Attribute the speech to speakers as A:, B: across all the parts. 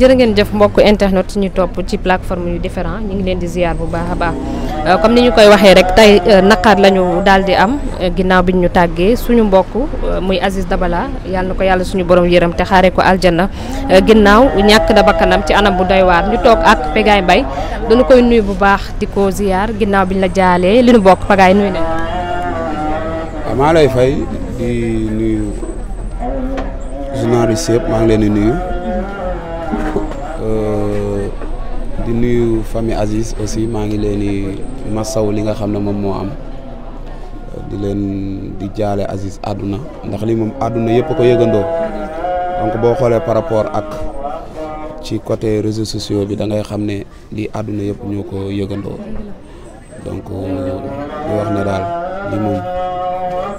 A: jërë ngeen jëf mbokk internet ñu topp ci plateforme yu différent ñu ngi leen di ziar bu baax a baax euh, comme ni ñu koy waxee rek tey euh, naqar la ñu daal di am euh, ginnaaw bi ñu tàggee suñu mbokk muy Aziz Dabala yàlla na ko yàlla suñu borom yërëm te xaaree ko aljana ginnaaw ñàkk na bakkanam ci anam bu doy waar ñu toog ak Pagaye Mbaye dañu koy nuyu bu baax di ko ziar ginnaaw bi ñu la jaalee li ñu bokk Pagaye nuyu na
B: waaw maa lay fay di nuyu journaliste yëpp maa ngi leen nuyu euh, di nuyu famille Aziz aussi maa ngi leen di masaw li nga xam ne moom moo am di leen di jaale Aziz àdduna ndax li moom àdduna yëpp ko yëgandoo donc boo xoolee par rapport ak ci côté réseaux sociaux bi da ngay xam ne lii àdduna yëpp ñoo ko yëgandoo donc euh, di wax ne daal li moom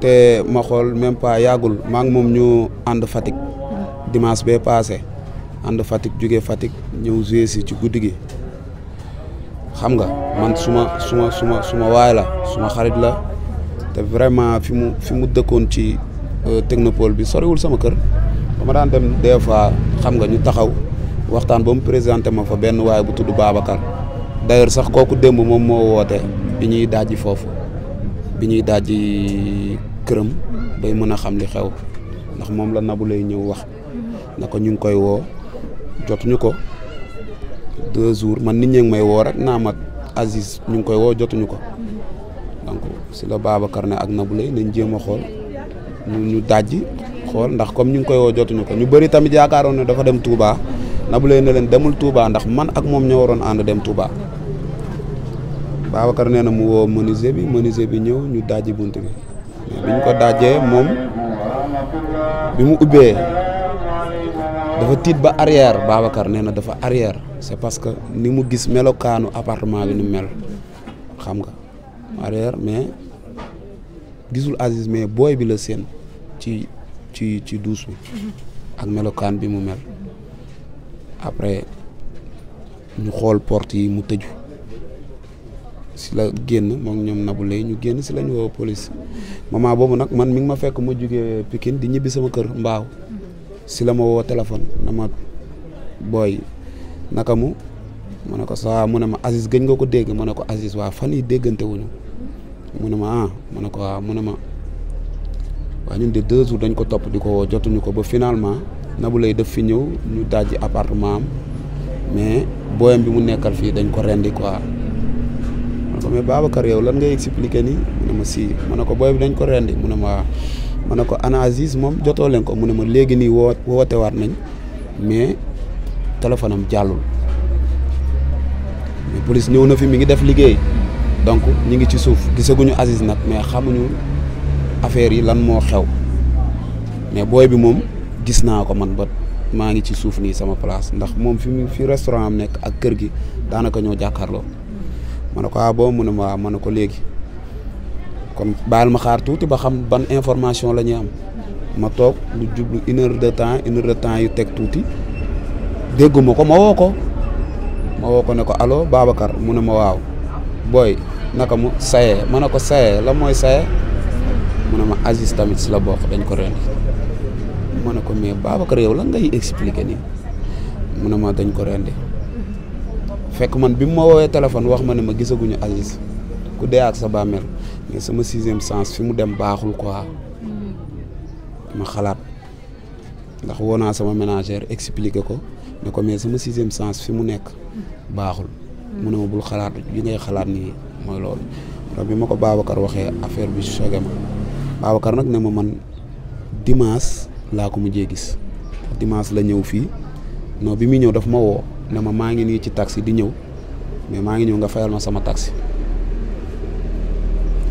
B: te ma xool même pas yàggul maa ngi moom ñu ànd Fatick dimanche bee passé ànd Fatick jógee Fatick ñëw joué si ci guddi xam nga man suma suma suma suma waay la suma xarit la te vraiment fi mu fi mu dëkkoon ci euh, technopole bi soriwul sama kër dama daan dem des fois xam nga ñu taxaw waxtaan ba mu présenté ma fa benn waay bu tudd Babacar d'ailleurs sax kooku démb moom moo woote bi ñuy dajji foofu bi ñuy këram bay mën a xam li xew ndax moom la Nabou lay ñëw wax na ko ñu ngi koy woo jotuñu ko deux jours man nit ñi ngi woo rek naa ma ñu ngi koy woo jotuñu ko donc si la Babacar ne ak Nabou lay nañ jéem a xool ñu dajji xool ndax comme ñu ngi koy woo jotuñu ko ñu bëri tamit yaakaaroon ne dafa dem Touba Nabou lay ne demul Touba ndax man ak moom ñoo waroon ànd dem Touba Babacar nee na mu woo menuisier bi menuisier bi ñëw ñu daj bunt bi. ko dafa ba arrière dafa arrière c'est parce que ni mu gis appartement bi ni mel xam nga arrière mais gisul Aziz mais boy ci ci ci bi ak après ñu xol porte yi si la génn moom ñoom Nabou Leye ñu génn si la ñu woo police moment boobu nag man mi ngi ma fekk ma jugee Pikine di ñibbi sama kër mbaaw si la ma woo téléphone na ma booy naka mu ma ne ko saa mu ne ma Aziz gëñ nga ko dégg ma ne ko Aziz waa fan yii déggante wuñu mu ne ma ah ma ne ko waaw ah, mu ne ma waa ñun de jours dañ ko topp di ko woo jotuñu ko ba finalement Nabou Leye daf fi ñëw ñu dajji appartement am mais booyam bi mu nekkal fii dañ ko rendi quoi mais Babacar yow lan ngay expliquer ni ma si mana ne ko booy bi dañ ko rendi ma mana ko analyse mom joto leen ko mu ne ma léegi nii woo woote waat nañ mais téléphone am jàllul mais police ñëw na fi mi ngi def liggéey donc ñi ngi ci suuf gisaguñu Aziz nag mais xamuñu affaire yi lan moo xew mais booy bi moom gis naa ko man ba maa ci suuf sama place ndax mom fi fi restaurant am nekk ak kër gi daanaka ñoo ma ne ko ah boo mu ne ma waaw ma ko léegi kon baal ma xaar tuuti ba xam ban information la ñuy am ma toog lu jublu une heure de temps une heure de temps yu teg tuuti dégguma ko ma woo ko ma woo ko ne ko allo Babacar mu ne ma waaw booy naka mu saye ma ne ko saye la mooy saye mu ne ma Aziz tamit si la bokk dañ ko rendi ma ne ko mais Babacar yow la ngay expliquer nii mu ne ma dañ ko rendi fekk man bi mu ma woowee téléphone wax ma ne ma gisaguñu Aziz ku dee ak sa bàmmeel mais sama sixième sens fi mu dem baaxul quoi
A: hmm.
B: ma xalaat ndax woonaa sama ménagère expliqué ko ne ko mais sama sixième sens fi mu nekk baaxul hmm. mu ne ma bul xalaat yi ngay xalaat nii mooy loolu donc bi ma ko Babacar waxee affaire bi choqué ma Babacar nag ne ma man dimanche laa ko mujjee gis dimanche la ñëw fii non bi muy ñëw daf ma woo ne ma maa ngi nii ci taxi di ñëw mais maa ngi ñëw nga fayal ma sama taxi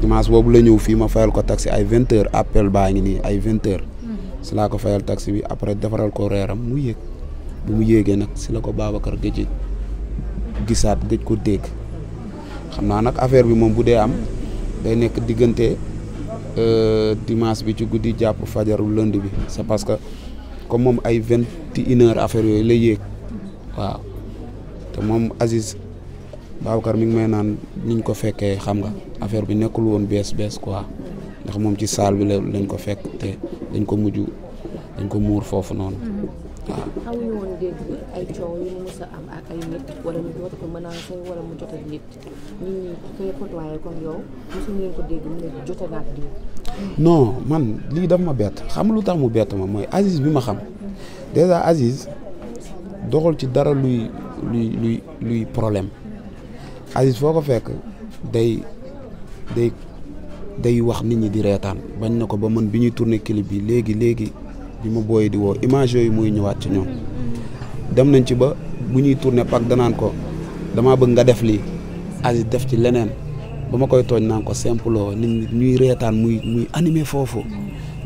B: dimanche boobu la ñëw fii ma fayal ko taxi ay vingt heures appel baa ngi nii ay heures mhm. si laa ko fayal taxi bi après defaral ko reeram mu yéeg bu mu yéegee nag si la ko Babacar gëj gisaat gëj ko dégg xam naa nag affaire bi moom bu dee am day nekk diggante euh, dimanche bi ci guddi jàpp fajaru lënd bi c'est parce que comme moom ay vingt et heures affaire yooyu la yéeg mhm. waaw que moom Aziz Babacar mi ngi may naan niñ ko fekkee xam nga affaire bi nekkul woon bees bees quoi ndax moom ci saal bi lañ ko fekk te dañ ko mujj dañ ko muur foofu noonu. Mm-hmm. non man lii daf ma bett xam lu tax mu bett ma mooy Aziz bi ma xam mm-hmm. déjà Aziz doxal ci dara luy luy luy luy problème Aziz foo ko fekk day day day wax nit ñi di reetaan bañ na ko ba man bi ñuy tourné clip bi léegi léegi bi ma booy di woo image yooyu muy ñëwaat ci ñoom dem nañ ci ba bu ñuy tourné pak danaan ko damaa bëgg nga def lii Aziz def ci leneen ba ma koy tooñ naan ko semplo nit ñi ñuy reetaan muy muy animé foofu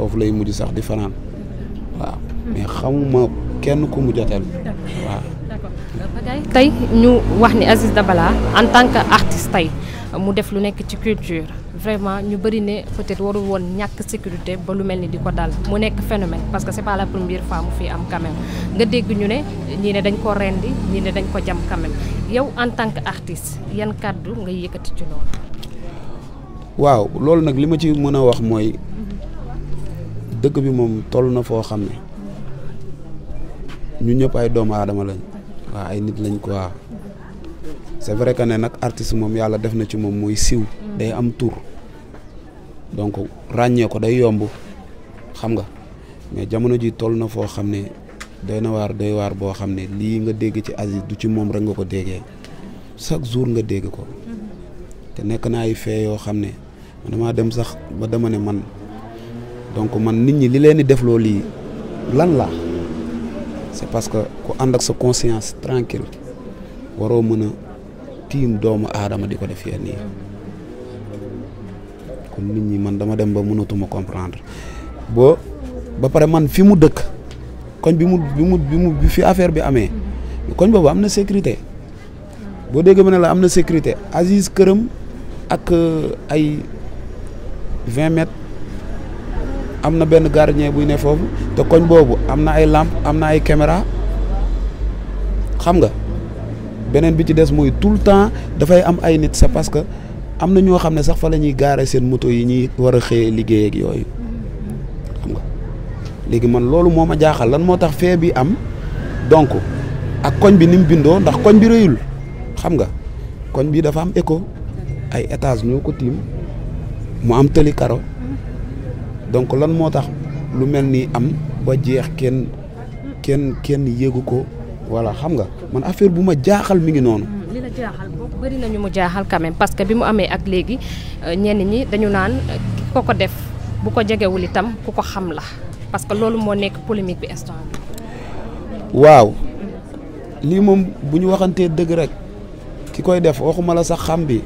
B: fofu lay mujj sax di fanan waaw mais xamuma kenn ku mu jotel waaw
A: tay euh, ñu wax ni Aziz Dabala en tant que artiste tay mu def lu nekk ci culture vraiment ñu bari ne peut-être waru won ñak sécurité ba lu melni diko di dal mu nekk phénomène parce que c'est pas la première fois mu fi am quand même nga dégg ñu ne ñi ne dañ ko rendi ñi ne dañ ko jam quand même yow en tant que artiste yan kàddu nga yëkëti ci lool
B: waaw loolu nag li ma ci mën a wax mooy dëkk bi moom toll na foo xam ne ñu ñëpp ay doomu aadama lañ waaw ay nit lañ quoi c'est vrai que ne nag artiste moom yàlla def na ci moom muy siw day am tur donc ràññee ko day yomb xam nga mais jamono ji toll na foo xam ne day na waar day waar boo xam ne lii nga dégg ci Aziz du ci moom rek nga ko déggee chaque jour nga dégg ko mm-hmm. te nekk naa ay fee yoo xam ne man damaa dem sax ba dama ne man donc man nit ñi li leen di defloo lii lan la c'est parce que ku ànd ak sa conscience tranquille waroo mën a tiim doomu aadama di ko def yenn kon nit ñi man dama dem ba mënatuma comprendre boo ba pare man fi mu dëkk koñ bi mu bi mu bi mu bi fi affaire bi amee koñ boobu am na sécurité boo déggee ma ne la am na sécurité Aziz këram ak euh, ay 20 mètres am na benn gardien buy ne foofu te koñ boobu am na ay làmp am na ay caméra xam nga beneen bi ci des mooy tout le temps dafay am ay nit c'est parce que am na ñoo xam ne sax fa la ñuy gaare seen moto yi ñuy war a xëyee liggéey ak yooyu xam nga léegi man loolu moo ma jaaxal lan moo tax fee bi am donc ak koñ bi ni mu bindoo ndax koñ bi rëyul xam nga koñ bi dafa am écho ay étage ñoo ko tiim mu am tëli karo donc lan moo tax lu mel am ba jeex ken ken kenn yéegu ko voilà xam nga man affaire bu ma jaaxal mi ngi noonu. Hmm,
A: li la jaaxal boobu bëri nañu mu jaaxal quand même parce que bi mu amee ak léegi euh, ñenn ñi dañu naan euh, ki def bu ko jegewul itam ku ko xam la parce que loolu moo nekk polémique bi instant
B: waaw lii moom bu ñu waxantee rek ki koy def waxuma la sax xam bi.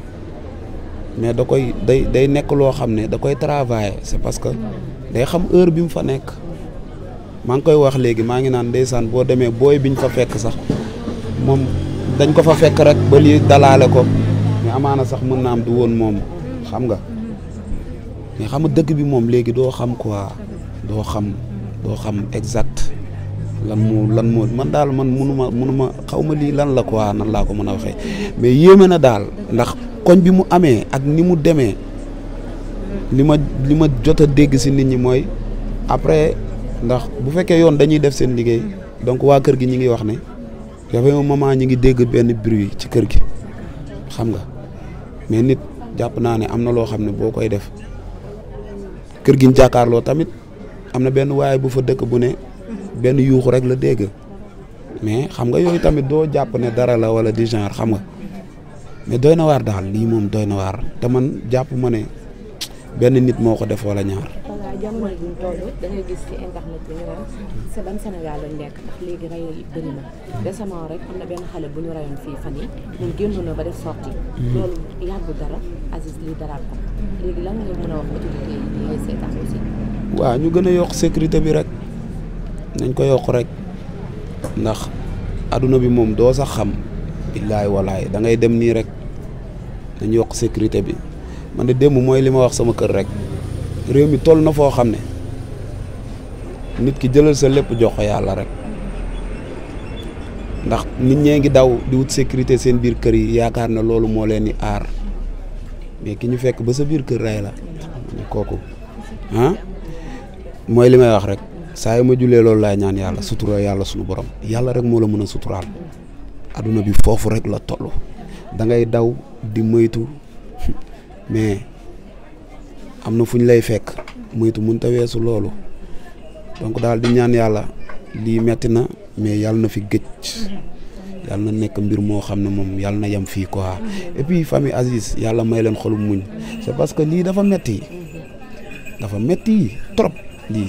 B: mais da koy day day nekk loo xam ne da koy travailler c'est parce que day xam heure bi mu fa nekk maa ngi koy wax léegi maa ngi naan ndeysaan boo demee booy bi biñ fa fekk sax moom dañ ko fa fekk rek ba lii dalaale ko mais amaana sax mën naa am di woon moom xam nga mais xam a dëkk bi moom léegi doo xam quoi doo xam doo xam exact lan moo lan moo man daal man mënuma mënuma xaw ma lii lan la quoi nan laa ko mën a waxee mais yéeme na daal ndax koñ bi mu amee ak ni mu demee li ma li ma jot a dégg si nit ñi mooy après ndax bu fekkee yoon dañuy def seen liggéey donc waa kër gi ñu ngi wax ne dafay moment ñu ngi dégg benn bruit ci kër gi xam nga mais nit jàpp naa ne am na loo xam ne boo koy def kër gi jàkkaarloo tamit am na benn waaye bu fa dëkk bu ne benn yuuxu rek la dégg mais xam nga yooyu tamit doo jàpp ne dara la wala di genre xam nga. mais doy na waar daal lii moom doy na waar te man jàpp ma ne benn nit moo ko def wala ñaar.
A: waaw ñu nekk ndax léegi reyoon yi ñun génn
B: na hmm. gën a yokk sécurité bi rek nañ ko yokk rek ndax aduna bi moom doo sax xam billaay walaay da ngay dem nii rek dañuy wax sécurité bi man de dem moy lima ma wax sama kër rek réew mi toll na fo xamné nit ki jëlal sa lepp jox ko yàlla rek ndax nit ñe ngi daw di wut sécurité seen biir kër yi yaakar na loolu mo leen ni ar mais ki ñu fekk ba sa biir kër ray la koku ah moy limay wax rek saay ma julé loolu la ñaan sutura yàlla suñu borom yàlla rek mo la mëna a suturaal aduna bi fofu rek la tollu da ngay daw di moytu mais am na fu ñu lay fekk moytu mënut a weesu loolu donc daal di ñaan yàlla lii metti na mais yàlla na fi gëj yàlla na nekk mbir moo xam ne moom yàlla na yem fii quoi et puis famille Aziz yàlla may leen xolum muñ c'est parce que lii dafa metti dafa metti trop lii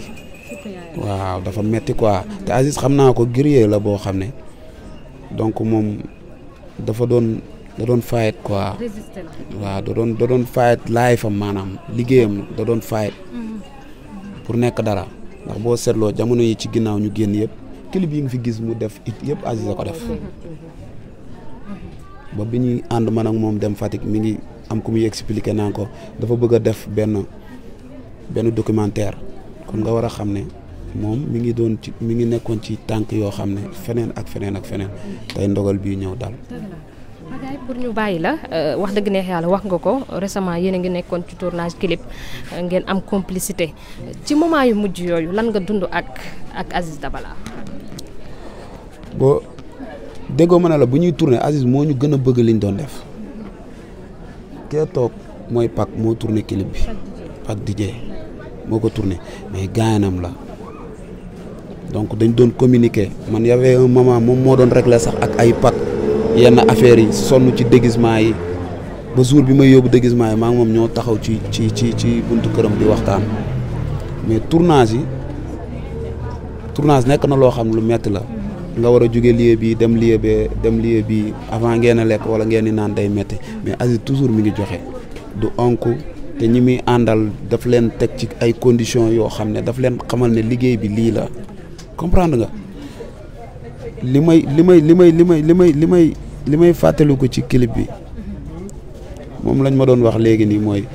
B: waaw dafa metti quoi te Aziz xam naa ko guerrier la boo xam ne donc moom dafa doon da doon fight quoi waaw da doon da doon fight life am maanaam um, liggéeyam da doon fight pour nekk dara ndax boo seetloo jamono yi ci ginnaaw ñu génn yëpp clip yi nga fi gis mu def it yëpp Aziz a ko def ba bi ñuy ànd man ak moom dem Fatick mi ngi am ku muy expliqué naa ko dafa bëgg a def benn benn documentaire kon nga war a xam ne moom mi ngi doon ci mi ngi nekkoon ci tànk yoo xam ne feneen ak feneen ak feneen tey ndogal bii ñëw dal
A: Magaye pour ñu bàyyi la euh, wax dëgg neex yàlla wax nga ko récemment yéen a ngi nekkoon ci tournage clip euh, ngeen am complicité ci moment yu mujj yooyu lan nga dund ak ak Aziz Dabala.
B: boo déggoo ma ne la bu ñuy tourné Aziz moo ñu gën a bëgg liñ doon def kee toog mooy Pac moo tourné clip bi Pac DJ moo ko tourné mais gaanam la. donc dañ doon communiquer man y avait un moment moom moo doon régler sax ak ay Pac yenn affaires yi sonn ci déguisement yi ba jour bi may yóbbu déguisement yi maa moom ñoo taxaw ci ci ci ci buntu këram di waxtaan mais tournage yi tournage nekk na loo xam lu metti la nga war a jóge lieu bii dem lieu bee dem lieu bi avant ngeen a lekk wala ngeen di naan day metti mais Aziz toujours mi ngi joxe du onk te ñi muy àndal daf leen teg ci ay conditions yoo xam ne daf leen xamal ne liggéey bi lii la comprendre nga li may li may li may li may li may li may fàttaliku ci clip bi moom lañ ma doon wax léegi nii mooy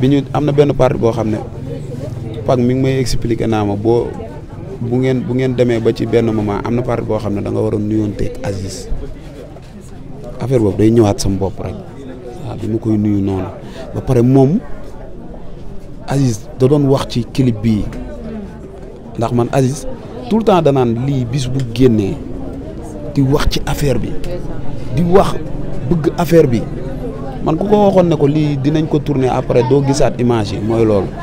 B: bi ñu am na benn partie boo xam ne Pape mi ngi may expliquer naa ma boo bu ngeen bu ngeen demee ba ci benn moment am na partie boo xam ne da nga waroon nuyonteeg Aziz affaire boobu day ñëwaat sama bopp rek waaw bi ma koy nuyu noonu ba pare moom Aziz da doon wax ci clip bi ndax man Aziz tout le temps danaan lii bis bu génnee. di wax ci affaire bi di wax bëgg affaire bi man ku ko waxoon ne ko lii dinañ ko tourner après doo gisaat image yi mooy loolu